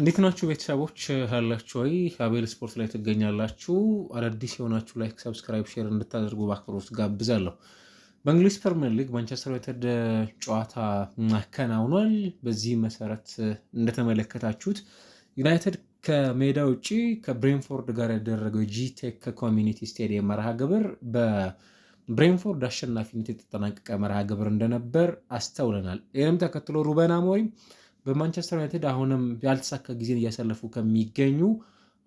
እንዴት ናችሁ ቤተሰቦች ያላችሁ ወይ? አቤል ስፖርት ላይ ትገኛላችሁ። አዳዲስ የሆናችሁ ላይክ፣ ሰብስክራይብ፣ ሼር እንድታደርጉ በአክብሮት ጋብዛለሁ። በእንግሊዝ ፕሪምየር ሊግ ማንቸስተር ዩናይትድ ጨዋታ አከናውኗል። በዚህ መሰረት እንደተመለከታችሁት ዩናይትድ ከሜዳ ውጭ ከብሬንፎርድ ጋር ያደረገው ጂቴክ ኮሚኒቲ ስቴዲየም መርሃ ግብር በብሬንፎርድ አሸናፊነት የተጠናቀቀ መርሃ ግብር እንደነበር አስተውለናል። ይህንም ተከትሎ ሩበን አሞሪም በማንቸስተር ዩናይትድ አሁንም ያልተሳካ ጊዜን እያሳለፉ ከሚገኙ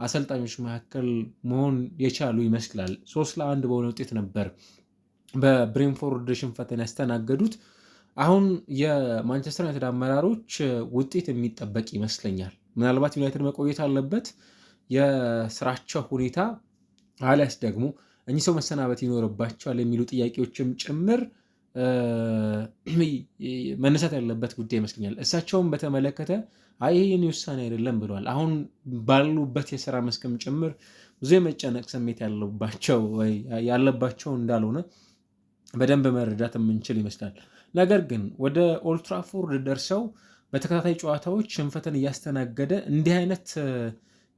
አሰልጣኞች መካከል መሆን የቻሉ ይመስላል። ሶስት ለአንድ በሆነ ውጤት ነበር በብሬንፎርድ ሽንፈትን ያስተናገዱት። አሁን የማንቸስተር ዩናይትድ አመራሮች ውጤት የሚጠበቅ ይመስለኛል። ምናልባት ዩናይትድ መቆየት አለበት የስራቸው ሁኔታ አሊያስ ደግሞ እኚህ ሰው መሰናበት ይኖርባቸዋል የሚሉ ጥያቄዎችም ጭምር መነሳት ያለበት ጉዳይ ይመስለኛል። እሳቸውን በተመለከተ አይ ውሳኔ አይደለም ብለዋል። አሁን ባሉበት የስራ መስክም ጭምር ብዙ የመጨነቅ ስሜት ያለባቸው ያለባቸው እንዳልሆነ በደንብ መረዳት የምንችል ይመስላል። ነገር ግን ወደ ኦልትራፎርድ ደርሰው በተከታታይ ጨዋታዎች ሽንፈትን እያስተናገደ እንዲህ አይነት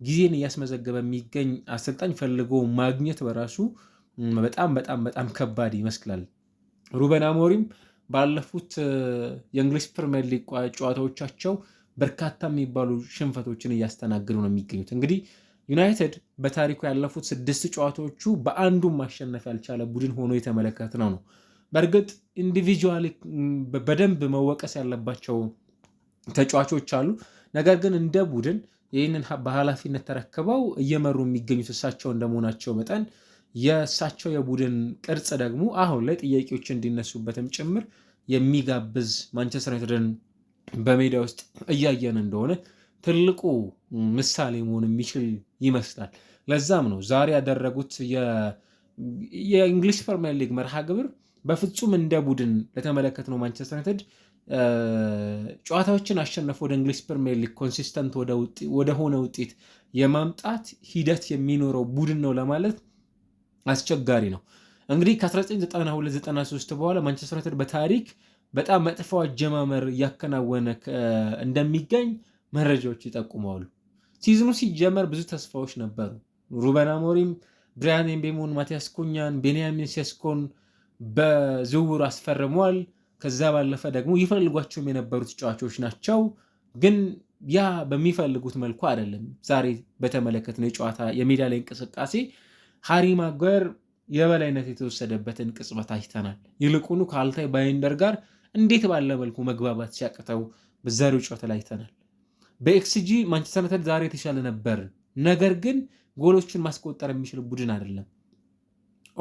ጊዜን እያስመዘገበ የሚገኝ አሰልጣኝ ፈልጎ ማግኘት በራሱ በጣም በጣም በጣም ከባድ ይመስላል። ሩበን አሞሪም ባለፉት የእንግሊዝ ፕሪሚየር ሊግ ጨዋታዎቻቸው በርካታ የሚባሉ ሽንፈቶችን እያስተናገዱ ነው የሚገኙት። እንግዲህ ዩናይትድ በታሪኩ ያለፉት ስድስት ጨዋታዎቹ በአንዱም ማሸነፍ ያልቻለ ቡድን ሆኖ የተመለከት ነው ነው በእርግጥ ኢንዲቪዥዋል በደንብ መወቀስ ያለባቸው ተጫዋቾች አሉ። ነገር ግን እንደ ቡድን ይህንን በኃላፊነት ተረክበው እየመሩ የሚገኙት እሳቸው እንደመሆናቸው መጠን የእሳቸው የቡድን ቅርጽ ደግሞ አሁን ላይ ጥያቄዎች እንዲነሱበትም ጭምር የሚጋብዝ ማንቸስተር ዩናይትድን በሜዳ ውስጥ እያየን እንደሆነ ትልቁ ምሳሌ መሆን የሚችል ይመስላል። ለዛም ነው ዛሬ ያደረጉት የእንግሊዝ ፕሪሚየር ሊግ መርሃ ግብር በፍጹም እንደ ቡድን ለተመለከትነው ማንቸስተር ዩናይትድ ጨዋታዎችን አሸነፈ ወደ እንግሊዝ ፕሪሚየር ሊግ ኮንሲስተንት ወደሆነ ውጤት የማምጣት ሂደት የሚኖረው ቡድን ነው ለማለት አስቸጋሪ ነው። እንግዲህ ከ1992/93 በኋላ ማንቸስተር ዩናይትድ በታሪክ በጣም መጥፎ አጀማመር እያከናወነ እንደሚገኝ መረጃዎች ይጠቁመዋሉ። ሲዝኑ ሲጀመር ብዙ ተስፋዎች ነበሩ። ሩበን አሞሪም ብሪያን ኤምቤሞን፣ ማቲያስ ኩኛን፣ ቤንያሚን ሴስኮን በዝውውር አስፈርሟል። ከዛ ባለፈ ደግሞ ይፈልጓቸውም የነበሩ ተጫዋቾች ናቸው። ግን ያ በሚፈልጉት መልኩ አይደለም። ዛሬ በተመለከትነው የጨዋታ የሜዳ ላይ እንቅስቃሴ ሃሪ ማጓየር የበላይነት የተወሰደበትን ቅጽበት አይተናል። ይልቁኑ ከአልታይ ባይንደር ጋር እንዴት ባለ መልኩ መግባባት ሲያቅተው በዛሬው ጨዋታ ላይ አይተናል። በኤክስጂ ማንቸስተር ዩናይትድ ዛሬ የተሻለ ነበር፣ ነገር ግን ጎሎችን ማስቆጠር የሚችል ቡድን አይደለም።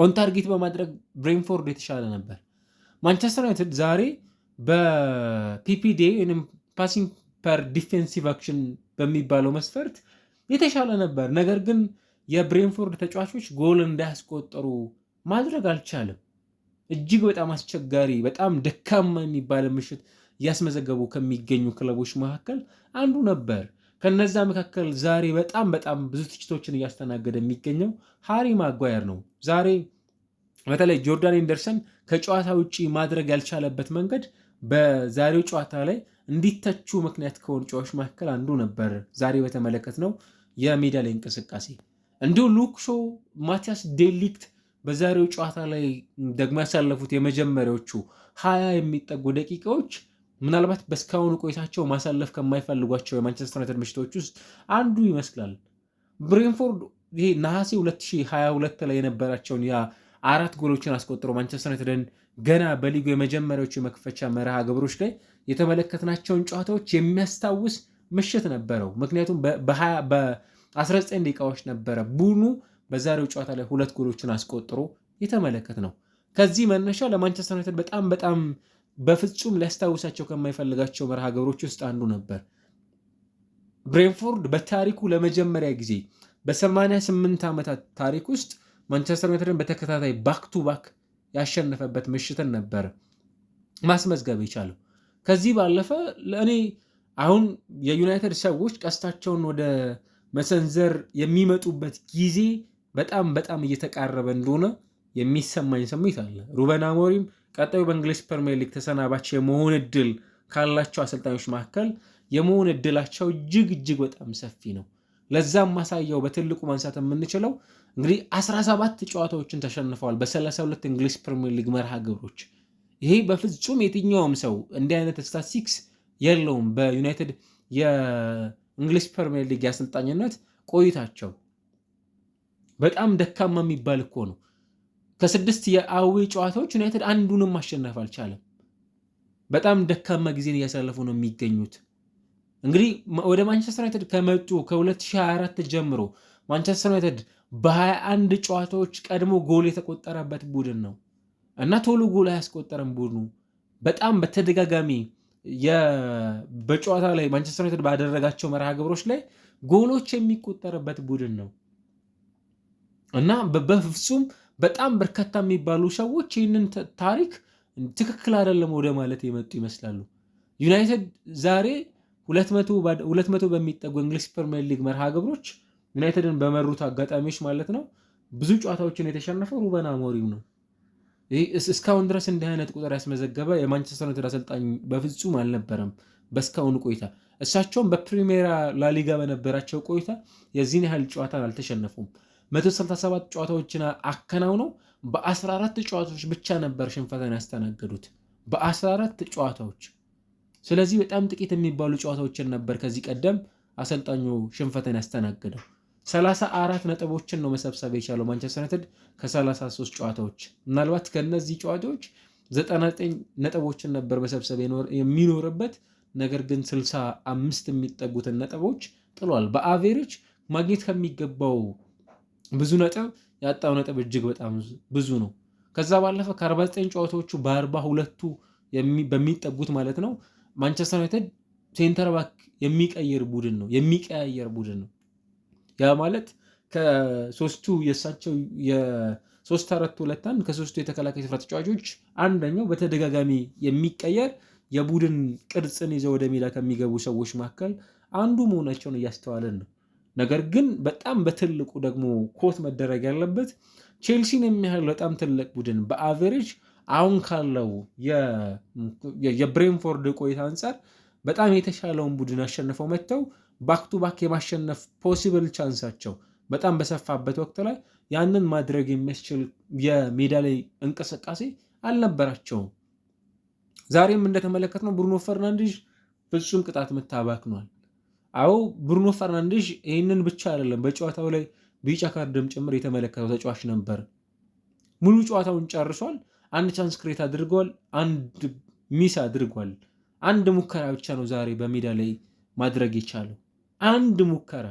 ኦን ታርጌት በማድረግ ብሬንፎርድ የተሻለ ነበር። ማንቸስተር ዩናይትድ ዛሬ በፒፒዴ ወይም ፓሲንግ ፐር ዲፌንሲቭ አክሽን በሚባለው መስፈርት የተሻለ ነበር፣ ነገር ግን የብሬንፎርድ ተጫዋቾች ጎል እንዳያስቆጠሩ ማድረግ አልቻለም። እጅግ በጣም አስቸጋሪ በጣም ደካማ የሚባለ ምሽት እያስመዘገቡ ከሚገኙ ክለቦች መካከል አንዱ ነበር። ከነዛ መካከል ዛሬ በጣም በጣም ብዙ ትችቶችን እያስተናገደ የሚገኘው ሃሪ ማጓየር ነው። ዛሬ በተለይ ጆርዳን ኤንደርሰን ከጨዋታ ውጭ ማድረግ ያልቻለበት መንገድ በዛሬው ጨዋታ ላይ እንዲተቹ ምክንያት ከሆኑ ጨዋቾች መካከል አንዱ ነበር። ዛሬ በተመለከት ነው የሜዳ ላይ እንቅስቃሴ እንዲሁ ሉክሾ ማቲያስ ዴሊክት በዛሬው ጨዋታ ላይ ደግሞ ያሳለፉት የመጀመሪያዎቹ ሀያ የሚጠጉ ደቂቃዎች ምናልባት በእስካሁኑ ቆይታቸው ማሳለፍ ከማይፈልጓቸው የማንቸስተር ዩናይትድ ምሽቶች ውስጥ አንዱ ይመስላል። ብሬንፎርድ ይሄ ነሐሴ 2022 ላይ የነበራቸውን ያ አራት ጎሎችን አስቆጥሮ ማንቸስተር ዩናይትድን ገና በሊጉ የመጀመሪያዎቹ የመክፈቻ መርሃ ግብሮች ላይ የተመለከትናቸውን ጨዋታዎች የሚያስታውስ ምሽት ነበረው። ምክንያቱም 19 ደቂቃዎች ነበረ ቡኑ በዛሬው ጨዋታ ላይ ሁለት ጎሎችን አስቆጥሮ የተመለከት ነው። ከዚህ መነሻ ለማንቸስተር ዩናይትድ በጣም በጣም በፍጹም ሊያስታውሳቸው ከማይፈልጋቸው መርሃ ግብሮች ውስጥ አንዱ ነበር። ብሬንፎርድ በታሪኩ ለመጀመሪያ ጊዜ በ88 ዓመታት ታሪክ ውስጥ ማንቸስተር ዩናይትድን በተከታታይ ባክ ቱ ባክ ያሸነፈበት ምሽትን ነበር ማስመዝገብ የቻለው። ከዚህ ባለፈ ለእኔ አሁን የዩናይትድ ሰዎች ቀስታቸውን ወደ መሰንዘር የሚመጡበት ጊዜ በጣም በጣም እየተቃረበ እንደሆነ የሚሰማኝ ስሜት አለ። ሩበን አሞሪም ቀጣዩ በእንግሊዝ ፕሪሚየር ሊግ ተሰናባቸው የመሆን እድል ካላቸው አሰልጣኞች መካከል የመሆን እድላቸው እጅግ እጅግ በጣም ሰፊ ነው። ለዛም ማሳያው በትልቁ ማንሳት የምንችለው እንግዲህ 17 ጨዋታዎችን ተሸንፈዋል በ32 እንግሊዝ ፕሪሚየር ሊግ መርሃ ግብሮች። ይሄ በፍጹም የትኛውም ሰው እንዲህ አይነት ስታቲስቲክስ የለውም በዩናይትድ እንግሊዝ ፕሪሚየር ሊግ አሰልጣኝነት ቆይታቸው በጣም ደካማ የሚባል እኮ ነው። ከስድስት የአዊ ጨዋታዎች ዩናይትድ አንዱንም ማሸነፍ አልቻለም። በጣም ደካማ ጊዜን እያሳለፉ ነው የሚገኙት። እንግዲህ ወደ ማንቸስተር ዩናይትድ ከመጡ ከ2024 ጀምሮ ማንቸስተር ዩናይትድ በ21 ጨዋታዎች ቀድሞ ጎል የተቆጠረበት ቡድን ነው እና ቶሎ ጎል አያስቆጠረም ቡድኑ በጣም በተደጋጋሚ በጨዋታ ላይ ማንቸስተር ዩናይትድ ባደረጋቸው መርሃ ግብሮች ላይ ጎሎች የሚቆጠርበት ቡድን ነው እና በፍጹም በጣም በርካታ የሚባሉ ሰዎች ይህንን ታሪክ ትክክል አይደለም ወደ ማለት የመጡ ይመስላሉ። ዩናይትድ ዛሬ ሁለት መቶ በሚጠጉ እንግሊዝ ፕሪሚየር ሊግ መርሃ ግብሮች ዩናይትድን በመሩት አጋጣሚዎች ማለት ነው ብዙ ጨዋታዎችን የተሸነፈው ሩበን አሞሪም ነው። እስካሁን ድረስ እንዲህ አይነት ቁጥር ያስመዘገበ የማንቸስተር ዩናይትድ አሰልጣኝ በፍጹም አልነበረም። በእስካሁኑ ቆይታ እሳቸውም በፕሪሜራ ላሊጋ በነበራቸው ቆይታ የዚህን ያህል ጨዋታን አልተሸነፉም። 167 ጨዋታዎችን አከናውነው በ14 ጨዋታዎች ብቻ ነበር ሽንፈትን ያስተናገዱት በ14 ጨዋታዎች። ስለዚህ በጣም ጥቂት የሚባሉ ጨዋታዎችን ነበር ከዚህ ቀደም አሰልጣኙ ሽንፈትን ያስተናገደው። ሰላሳ አራት ነጥቦችን ነው መሰብሰብ የቻለው ማንቸስተር ዩናይትድ ከ33 ጨዋታዎች። ምናልባት ከነዚህ ጨዋታዎች 99 ነጥቦችን ነበር መሰብሰብ የሚኖርበት፣ ነገር ግን 65 የሚጠጉትን ነጥቦች ጥሏል። በአቬሬጅ ማግኘት ከሚገባው ብዙ ነጥብ ያጣው ነጥብ እጅግ በጣም ብዙ ነው። ከዛ ባለፈ ከ49 ጨዋታዎቹ በአርባ ሁለቱ በሚጠጉት ማለት ነው ማንቸስተር ዩናይትድ ሴንተር ባክ የሚቀይር ቡድን ነው የሚቀያየር ቡድን ነው። ያ ማለት ከሶስቱ የእሳቸው የሶስት አራት ሁለት አንድ ከሶስቱ የተከላካይ ስፍራ ተጫዋቾች አንደኛው በተደጋጋሚ የሚቀየር የቡድን ቅርጽን ይዘው ወደ ሜዳ ከሚገቡ ሰዎች መካከል አንዱ መሆናቸውን እያስተዋለን ነው። ነገር ግን በጣም በትልቁ ደግሞ ኮት መደረግ ያለበት ቼልሲን የሚያህል በጣም ትልቅ ቡድን በአቨሬጅ አሁን ካለው የብሬንፎርድ ቆይታ አንጻር በጣም የተሻለውን ቡድን አሸንፈው መጥተው ቱ ባክ የማሸነፍ ፖሲብል ቻንሳቸው በጣም በሰፋበት ወቅት ላይ ያንን ማድረግ የሚያስችል የሜዳ ላይ እንቅስቃሴ አልነበራቸውም። ዛሬም እንደተመለከትነው ብሩኖ ፈርናንዴዥ ፍጹም ቅጣት ምት አባክኗል። አዎ ብሩኖ ፈርናንዴዥ ይህንን ብቻ አይደለም፣ በጨዋታው ላይ ቢጫ ካርድም ጭምር የተመለከተው ተጫዋች ነበር። ሙሉ ጨዋታውን ጨርሷል። አንድ ቻንስ ክሬት አድርጓል። አንድ ሚስ አድርጓል። አንድ ሙከራ ብቻ ነው ዛሬ በሜዳ ላይ ማድረግ የቻለው። አንድ ሙከራ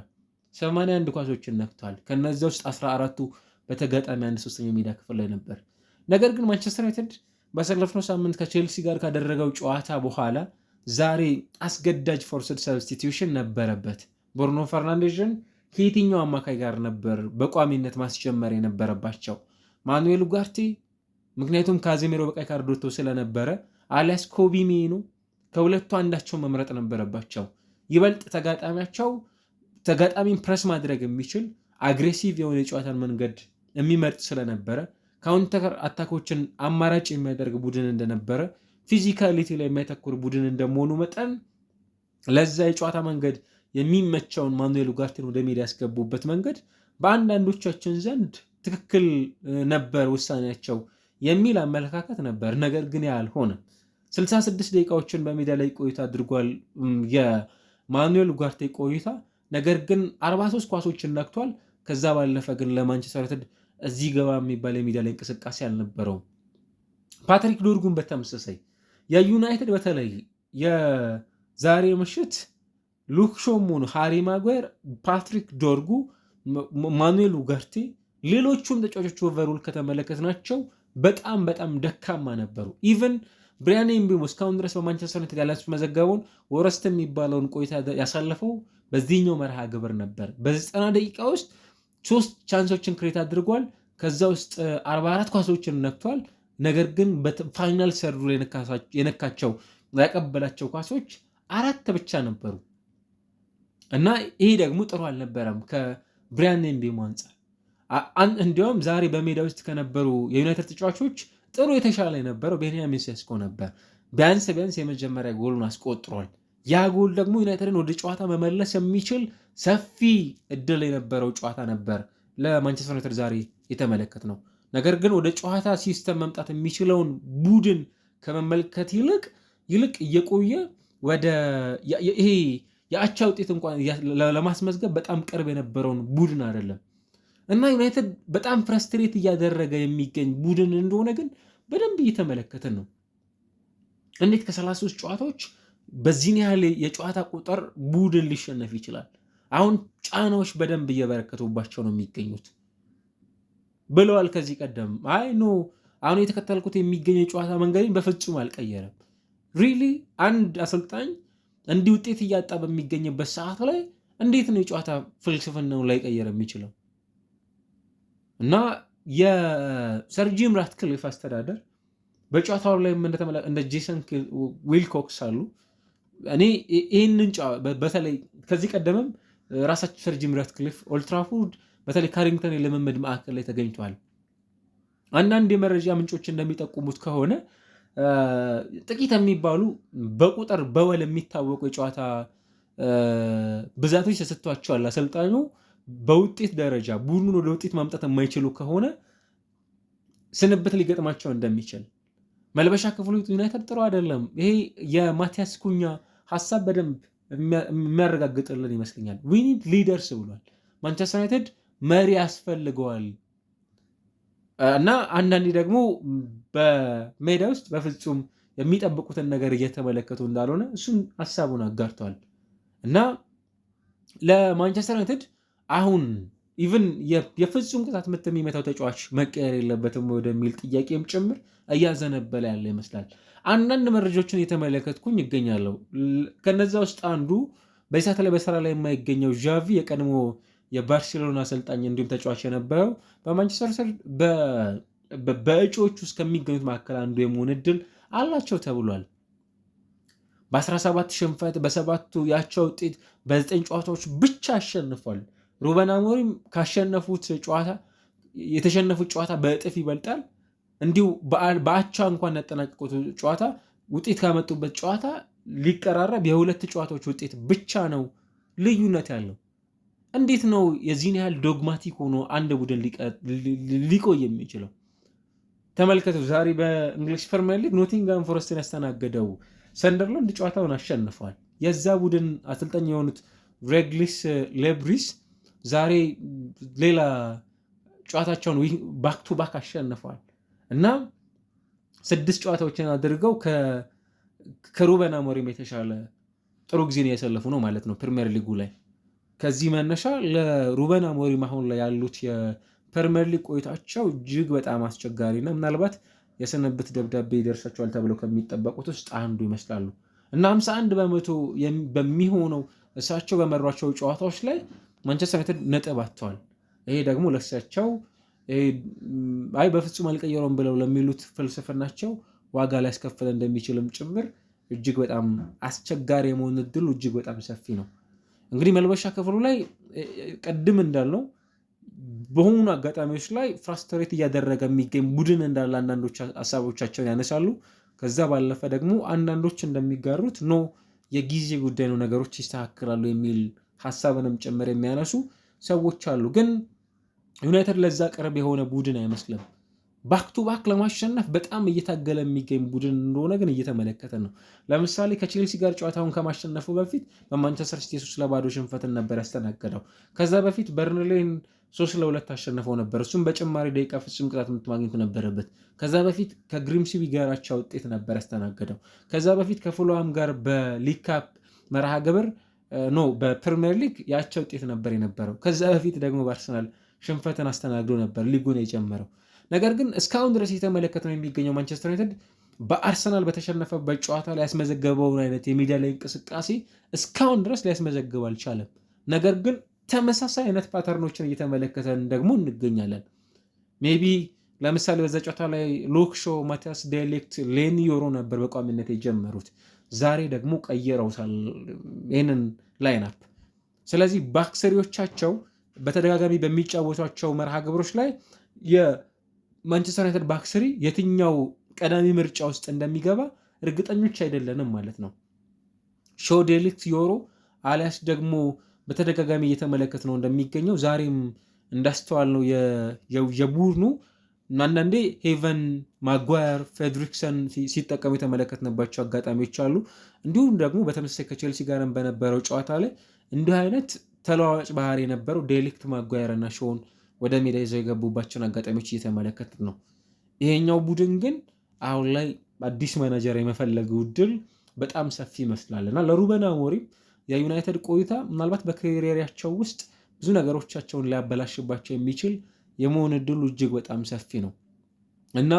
81 ኳሶችን ነክቷል። ከነዚያ ውስጥ 14ቱ በተጋጣሚ አንድ ሶስተኛ ሜዳ ክፍል ላይ ነበር። ነገር ግን ማንቸስተር ዩናይትድ ባሳለፍነው ሳምንት ከቼልሲ ጋር ካደረገው ጨዋታ በኋላ ዛሬ አስገዳጅ ፎርስድ ሰብስቲቲዩሽን ነበረበት። ብሩኖ ፈርናንዴዝን ከየትኛው አማካይ ጋር ነበር በቋሚነት ማስጀመር የነበረባቸው? ማኑኤል ኡጋርቴ፣ ምክንያቱም ካዜሜሮ በቀይ ካርድ ወጥቶ ስለነበረ፣ አሊያስ ኮቢ ሜኑ። ከሁለቱ አንዳቸው መምረጥ ነበረባቸው። ይበልጥ ተጋጣሚያቸው ተጋጣሚን ፕረስ ማድረግ የሚችል አግሬሲቭ የሆነ የጨዋታን መንገድ የሚመርጥ ስለነበረ ካውንተር አታኮችን አማራጭ የሚያደርግ ቡድን እንደነበረ ፊዚካሊቲ ላይ የሚያተኩር ቡድን እንደመሆኑ መጠን ለዛ የጨዋታ መንገድ የሚመቸውን ማኑኤል ኡጋርቴን ወደ ሜዳ ያስገቡበት መንገድ በአንዳንዶቻችን ዘንድ ትክክል ነበር ውሳኔያቸው የሚል አመለካከት ነበር። ነገር ግን ያልሆነ 66 ደቂቃዎችን በሜዳ ላይ ቆይታ አድርጓል። ማኑኤል ኡጋርቴ ቆይታ ነገር ግን 43 ኳሶችን ነክቷል። ከዛ ባለፈ ግን ለማንቸስተር ዩናይትድ እዚህ ገባ የሚባል የሚዲያ ላይ እንቅስቃሴ አልነበረውም። ፓትሪክ ዶርጉን በተመሳሳይ የዩናይትድ በተለይ የዛሬ ምሽት ሉክ ሾሙን፣ ሃሪ ማጓየር፣ ፓትሪክ ዶርጉ፣ ማኑኤል ኡጋርቴ ሌሎቹም ተጫዋቾች ከተመለከት ናቸው በጣም በጣም ደካማ ነበሩ ኢቨን ብሪያን ኤምቤሞ እስካሁን ድረስ በማንቸስተር ዩናይትድ ያለ ወረስት የሚባለውን ቆይታ ያሳለፈው በዚህኛው መርሃ ግብር ነበር። በዘጠና ደቂቃ ውስጥ ሶስት ቻንሶችን ክሬት አድርጓል። ከዛ ውስጥ 44 ኳሶችን ነክቷል። ነገር ግን በፋይናል ሰርዱ የነካቸው ያቀበላቸው ኳሶች አራት ብቻ ነበሩ እና ይሄ ደግሞ ጥሩ አልነበረም ከብሪያን ኤምቤሞ አንጻር። እንዲያውም ዛሬ በሜዳ ውስጥ ከነበሩ የዩናይትድ ተጫዋቾች ጥሩ የተሻለ የነበረው ቤንያሚን ሴስኮ ነበር። ቢያንስ ቢያንስ የመጀመሪያ ጎሉን አስቆጥሯል። ያ ጎል ደግሞ ዩናይትድን ወደ ጨዋታ መመለስ የሚችል ሰፊ እድል የነበረው ጨዋታ ነበር ለማንቸስተር ዩናይትድ ዛሬ የተመለከት ነው። ነገር ግን ወደ ጨዋታ ሲስተም መምጣት የሚችለውን ቡድን ከመመልከት ይልቅ ይልቅ እየቆየ ወደ ይሄ የአቻ ውጤት እንኳን ለማስመዝገብ በጣም ቅርብ የነበረውን ቡድን አይደለም እና ዩናይትድ በጣም ፍረስትሬት እያደረገ የሚገኝ ቡድን እንደሆነ ግን በደንብ እየተመለከትን ነው። እንዴት ከ ሶስት ጨዋታዎች በዚህን ያህል የጨዋታ ቁጥር ቡድን ሊሸነፍ ይችላል? አሁን ጫናዎች በደንብ እየበረከቱባቸው ነው የሚገኙት ብለዋል። ከዚህ ቀደም አይ ኖ አሁን የተከተልኩት የሚገኘው የጨዋታ መንገድን በፍጹም አልቀየረም። ሪሊ አንድ አሰልጣኝ እንዲህ ውጤት እያጣ በሚገኝበት ሰዓት ላይ እንዴት ነው የጨዋታ ፍልስፍናው ላይቀየር የሚችለው? እና የሰር ጂም ራትክሊፍ አስተዳደር በጨዋታው ላይ እንደ ጄሰን ዊልኮክስ አሉ። እኔ ይህንን በተለይ ከዚህ ቀደምም ራሳቸው ሰር ጂም ራትክሊፍ ኦልትራፎርድ በተለይ ካሪንግተን የልምምድ ማዕከል ላይ ተገኝቷል። አንዳንድ የመረጃ ምንጮች እንደሚጠቁሙት ከሆነ ጥቂት የሚባሉ በቁጥር በወል የሚታወቁ የጨዋታ ብዛቶች ተሰጥቷቸዋል አሰልጣኙ በውጤት ደረጃ ቡድኑን ወደ ውጤት ማምጣት የማይችሉ ከሆነ ስንብት ሊገጥማቸው እንደሚችል መልበሻ ክፍሉ ዩናይትድ ጥሩ አይደለም። ይሄ የማቲያስ ኩኛ ሀሳብ በደንብ የሚያረጋግጥልን ይመስለኛል። ዊኒድ ሊደርስ ብሏል። ማንቸስተር ዩናይትድ መሪ ያስፈልገዋል እና አንዳንዴ ደግሞ በሜዳ ውስጥ በፍጹም የሚጠብቁትን ነገር እየተመለከቱ እንዳልሆነ እሱን ሀሳቡን አጋርተዋል እና ለማንቸስተር ዩናይትድ አሁን ኢቭን የፍጹም ቅጣት ምት የሚመታው ተጫዋች መቀየር የለበትም ወደሚል ጥያቄም ጭምር እያዘነበለ ያለ ይመስላል። አንዳንድ መረጃዎችን የተመለከትኩኝ ይገኛለሁ። ከነዛ ውስጥ አንዱ በሳተ ላይ በስራ ላይ የማይገኘው ዣቪ የቀድሞ የባርሴሎና አሰልጣኝ እንዲሁም ተጫዋች የነበረው በማንቸስተር ስር በእጩዎች ውስጥ ከሚገኙት መካከል አንዱ የመሆን እድል አላቸው ተብሏል። በ17 ሽንፈት በሰባቱ ያቻ ውጤት በ9 ጨዋታዎች ብቻ አሸንፏል። ሩበን አሞሪም ካሸነፉት ጨዋታ የተሸነፉት ጨዋታ በእጥፍ ይበልጣል። እንዲሁ በአቻ እንኳን ያጠናቀቁት ጨዋታ ውጤት ካመጡበት ጨዋታ ሊቀራረብ የሁለት ጨዋታዎች ውጤት ብቻ ነው ልዩነት ያለው። እንዴት ነው የዚህን ያህል ዶግማቲክ ሆኖ አንድ ቡድን ሊቆይ የሚችለው? ተመልከቱ። ዛሬ በእንግሊሽ ፕሪሚየር ሊግ ኖቲንጋም ፎረስትን ያስተናገደው ሰንደርላንድ ጨዋታውን አሸንፏል። የዛ ቡድን አሰልጣኝ የሆኑት ሬግሊስ ሌብሪስ ዛሬ ሌላ ጨዋታቸውን ባክ ቱ ባክ አሸንፈዋል እና ስድስት ጨዋታዎችን አድርገው ከሩበን አሞሪም የተሻለ ጥሩ ጊዜን እያሳለፉ ነው ማለት ነው ፕሪሚየር ሊጉ ላይ። ከዚህ መነሻ ለሩበን አሞሪም አሁን ላይ ያሉት የፕሪሚየር ሊግ ቆይታቸው እጅግ በጣም አስቸጋሪ እና ምናልባት የስንብት ደብዳቤ ይደርሳቸዋል ተብለው ከሚጠበቁት ውስጥ አንዱ ይመስላሉ እና 51 በመቶ በሚሆነው እሳቸው በመሯቸው ጨዋታዎች ላይ ማንቸስተር ዩናይትድ ነጥብ አጥተዋል። ይሄ ደግሞ ለሳቸው አይ በፍጹም አልቀየረውም ብለው ለሚሉት ፍልስፍናቸው ዋጋ ሊያስከፍለ እንደሚችልም ጭምር እጅግ በጣም አስቸጋሪ የመሆን እድሉ እጅግ በጣም ሰፊ ነው። እንግዲህ መልበሻ ክፍሉ ላይ ቅድም እንዳልነው በሆኑ አጋጣሚዎች ላይ ፍራስትሬት እያደረገ የሚገኝ ቡድን እንዳለ አንዳንዶች ሀሳቦቻቸውን ያነሳሉ። ከዛ ባለፈ ደግሞ አንዳንዶች እንደሚጋሩት ኖ የጊዜ ጉዳይ ነው ነገሮች ይስተካከላሉ የሚል ሀሳብንም ጭምር የሚያነሱ ሰዎች አሉ። ግን ዩናይትድ ለዛ ቅርብ የሆነ ቡድን አይመስልም። ባክ ቱ ባክ ለማሸነፍ በጣም እየታገለ የሚገኝ ቡድን እንደሆነ ግን እየተመለከተ ነው። ለምሳሌ ከቼልሲ ጋር ጨዋታውን ከማሸነፉ በፊት በማንቸስተር ሲቲ ሶስት ለባዶ ሽንፈትን ነበር ያስተናገደው። ከዛ በፊት በርንሌን ሶስት ለሁለት አሸንፈው ነበር። እሱም በጭማሪ ደቂቃ ፍጹም ቅጣት ምት ማግኘት ነበረበት። ከዛ በፊት ከግሪምስቢ ጋር አቻ ውጤት ነበር ያስተናገደው። ከዛ በፊት ከፉልሃም ጋር በሊካፕ መርሃ ግብር ኖ በፕሪምየር ሊግ ያቻ ውጤት ነበር የነበረው። ከዛ በፊት ደግሞ በአርሰናል ሽንፈትን አስተናግዶ ነበር ሊጉን የጀመረው። ነገር ግን እስካሁን ድረስ የተመለከት ነው የሚገኘው ማንቸስተር ዩናይትድ በአርሰናል በተሸነፈበት ጨዋታ ሊያስመዘገበውን አይነት የሜዳ ላይ እንቅስቃሴ እስካሁን ድረስ ሊያስመዘግብ አልቻለም። ነገር ግን ተመሳሳይ አይነት ፓተርኖችን እየተመለከተን ደግሞ እንገኛለን። ሜቢ ለምሳሌ በዛ ጨዋታ ላይ ሎክሾ፣ ማቲያስ ዴሊክት፣ ሌኒ ዮሮ ነበር በቋሚነት የጀመሩት። ዛሬ ደግሞ ቀይረውታል ይህንን ላይናፕ ስለዚህ ባክሰሪዎቻቸው በተደጋጋሚ በሚጫወቷቸው መርሃ ግብሮች ላይ የማንቸስተር ዩናይትድ ባክሰሪ የትኛው ቀዳሚ ምርጫ ውስጥ እንደሚገባ እርግጠኞች አይደለንም ማለት ነው። ሾዴሊክት ዮሮ አሊያስ ደግሞ በተደጋጋሚ እየተመለከት ነው እንደሚገኘው ዛሬም እንዳስተዋል ነው የቡድኑ አንዳንዴ ሄቨን ማጓየር ፍሬድሪክሰን ሲጠቀሙ የተመለከትንባቸው አጋጣሚዎች አሉ። እንዲሁም ደግሞ በተመሳሳይ ከቼልሲ ጋርም በነበረው ጨዋታ ላይ እንዲህ አይነት ተለዋዋጭ ባህሪ የነበረው ዴሊክት ማጓየር እና ሾን ወደ ሜዳ ይዘው የገቡባቸውን አጋጣሚዎች እየተመለከት ነው። ይሄኛው ቡድን ግን አሁን ላይ አዲስ መናጀር የመፈለግ ውድል በጣም ሰፊ ይመስላል እና ለሩበን አሞሪም የዩናይትድ ቆይታ ምናልባት በካሪየራቸው ውስጥ ብዙ ነገሮቻቸውን ሊያበላሽባቸው የሚችል የመሆን እድሉ እጅግ በጣም ሰፊ ነው እና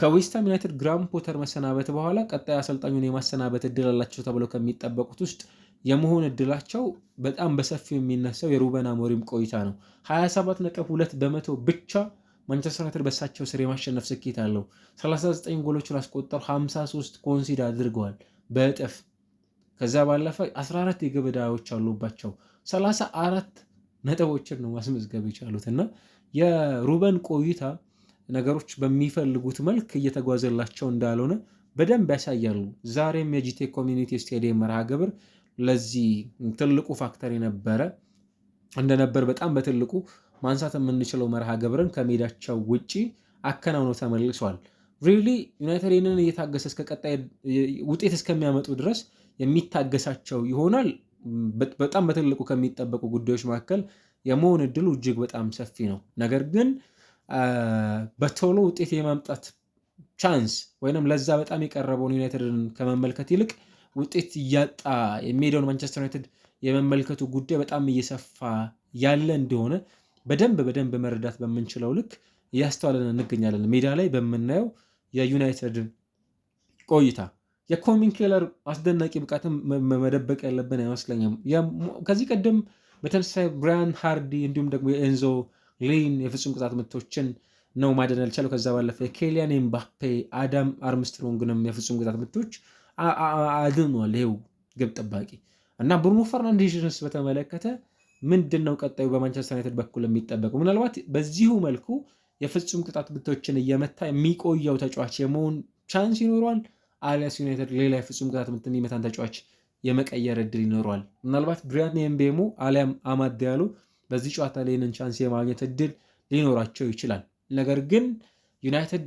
ከዌስትሃም ዩናይትድ ግራም ፖተር መሰናበት በኋላ ቀጣይ አሰልጣኙን የማሰናበት እድል አላቸው ተብለው ከሚጠበቁት ውስጥ የመሆን እድላቸው በጣም በሰፊው የሚነሳው የሩበን አሞሪም ቆይታ ነው። 27.2 በመቶ ብቻ ማንቸስተር ዩናይትድ በሳቸው ስር የማሸነፍ ስኬት አለው። 39 ጎሎችን አስቆጠሩ፣ 53 ኮንሲድ አድርገዋል በእጥፍ ከዛ ባለፈ 14 የግብ ዕዳዎች አሉባቸው 34 ነጥቦችን ነው ማስመዝገብ የቻሉት እና የሩበን ቆይታ ነገሮች በሚፈልጉት መልክ እየተጓዘላቸው እንዳልሆነ በደንብ ያሳያሉ። ዛሬም የጂቴ ኮሚኒቲ ስቴዲየም መርሃ ግብር ለዚህ ትልቁ ፋክተር የነበረ እንደነበር በጣም በትልቁ ማንሳት የምንችለው መርሃ ግብርን ከሜዳቸው ውጪ አከናውኖ ተመልሷል። ሪሊ ዩናይትድ ይህንን እየታገሰ እስከ ቀጣይ ውጤት እስከሚያመጡ ድረስ የሚታገሳቸው ይሆናል። በጣም በትልቁ ከሚጠበቁ ጉዳዮች መካከል የመሆን እድሉ እጅግ በጣም ሰፊ ነው። ነገር ግን በቶሎ ውጤት የማምጣት ቻንስ ወይም ለዛ በጣም የቀረበውን ዩናይትድን ከመመልከት ይልቅ ውጤት እያጣ የሚሄደውን ማንቸስተር ዩናይትድ የመመልከቱ ጉዳይ በጣም እየሰፋ ያለ እንደሆነ በደንብ በደንብ መረዳት በምንችለው ልክ እያስተዋለን እንገኛለን። ሜዳ ላይ በምናየው የዩናይትድ ቆይታ የኮልሚን ኬለር አስደናቂ ብቃትም መደበቅ ያለብን አይመስለኝም። ከዚህ ቀደም በተመሳሳይ ብራያን ሃርዲ እንዲሁም ደግሞ የኤንዞ ሌን የፍጹም ቅጣት ምቶችን ነው ማደን ያልቻለው። ከዛ ባለፈ የኬሊያን ኤምባፔ፣ አዳም አርምስትሮንግንም የፍጹም ቅጣት ምቶች አድኗል ይሄው ግብ ጠባቂ እና ብሩኖ ፈርናንዴዝንስ በተመለከተ ምንድን ነው ቀጣዩ በማንቸስተር ዩናይትድ በኩል የሚጠበቀው? ምናልባት በዚሁ መልኩ የፍጹም ቅጣት ምቶችን እየመታ የሚቆየው ተጫዋች የመሆን ቻንስ ይኖረዋል። አሊያስ ዩናይትድ ሌላ የፍጹም ቅጣት ምት የሚመታን ተጫዋች የመቀየር እድል ይኖረዋል። ምናልባት ብሪያን ኤምቤሞ አሊያም አማድ ዲያሎ በዚህ ጨዋታ ላይ ይህንን ቻንስ የማግኘት እድል ሊኖራቸው ይችላል። ነገር ግን ዩናይትድ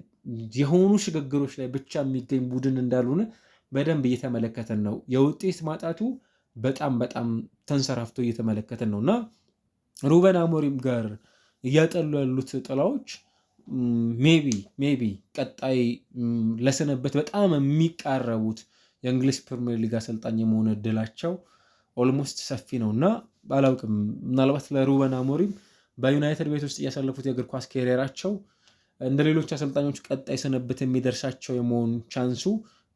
የሆኑ ሽግግሮች ላይ ብቻ የሚገኝ ቡድን እንዳልሆነ በደንብ እየተመለከተን ነው። የውጤት ማጣቱ በጣም በጣም ተንሰራፍቶ እየተመለከተን ነው እና ሩበን አሞሪም ጋር እያጠሉ ያሉት ጥላዎች ሜቢ ሜቢ ቀጣይ ለሰነበት በጣም የሚቃረቡት የእንግሊዝ ፕሪሚየር ሊግ አሰልጣኝ የመሆን እድላቸው ኦልሞስት ሰፊ ነው እና አላውቅም። ምናልባት ለሩበን አሞሪም በዩናይትድ ቤት ውስጥ እያሳለፉት የእግር ኳስ ኬሪራቸው እንደ ሌሎች አሰልጣኞች ቀጣይ ሰነበት የሚደርሳቸው የመሆን ቻንሱ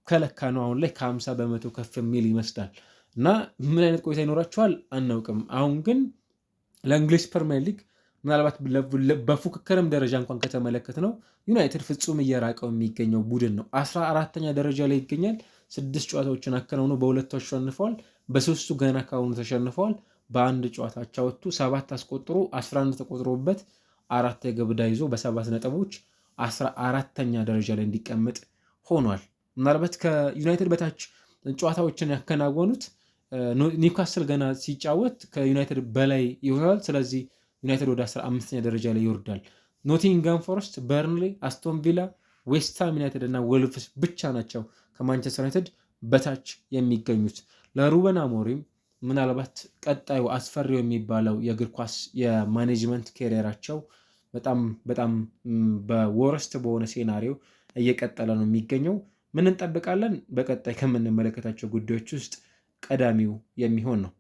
ከለካ ነው አሁን ላይ ከ50 በመቶ ከፍ የሚል ይመስላል እና ምን አይነት ቆይታ ይኖራቸዋል አናውቅም። አሁን ግን ለእንግሊዝ ፕሪሚየር ሊግ ምናልባት በፉክክርም ደረጃ እንኳን ከተመለከት ነው ዩናይትድ ፍጹም እየራቀው የሚገኘው ቡድን ነው። አስራ አራተኛ ደረጃ ላይ ይገኛል። ስድስት ጨዋታዎችን አከናውነው በሁለቱ አሸንፈዋል፣ በሶስቱ ገና ካሁኑ ተሸንፈዋል። በአንድ ጨዋታ አቻ ወጥቶ ሰባት አስቆጥሮ 11 ተቆጥሮበት አራት የገብዳ ይዞ በሰባት ነጥቦች አስራ አራተኛ ደረጃ ላይ እንዲቀመጥ ሆኗል። ምናልባት ከዩናይትድ በታች ጨዋታዎችን ያከናወኑት ኒውካስል ገና ሲጫወት ከዩናይትድ በላይ ይሆናል። ስለዚህ ዩናይትድ ወደ 15ኛ ደረጃ ላይ ይወርዳል። ኖቲንጋም ፎረስት፣ በርንሊ፣ አስቶን ቪላ፣ ዌስትሃም ዩናይትድ እና ወልፍስ ብቻ ናቸው ከማንቸስተር ዩናይትድ በታች የሚገኙት። ለሩበን አሞሪም ምናልባት ቀጣዩ አስፈሪው የሚባለው የእግር ኳስ የማኔጅመንት ኬሪየራቸው በጣም በጣም በወረስት በሆነ ሴናሪዮ እየቀጠለ ነው የሚገኘው። ምን እንጠብቃለን? በቀጣይ ከምንመለከታቸው ጉዳዮች ውስጥ ቀዳሚው የሚሆን ነው።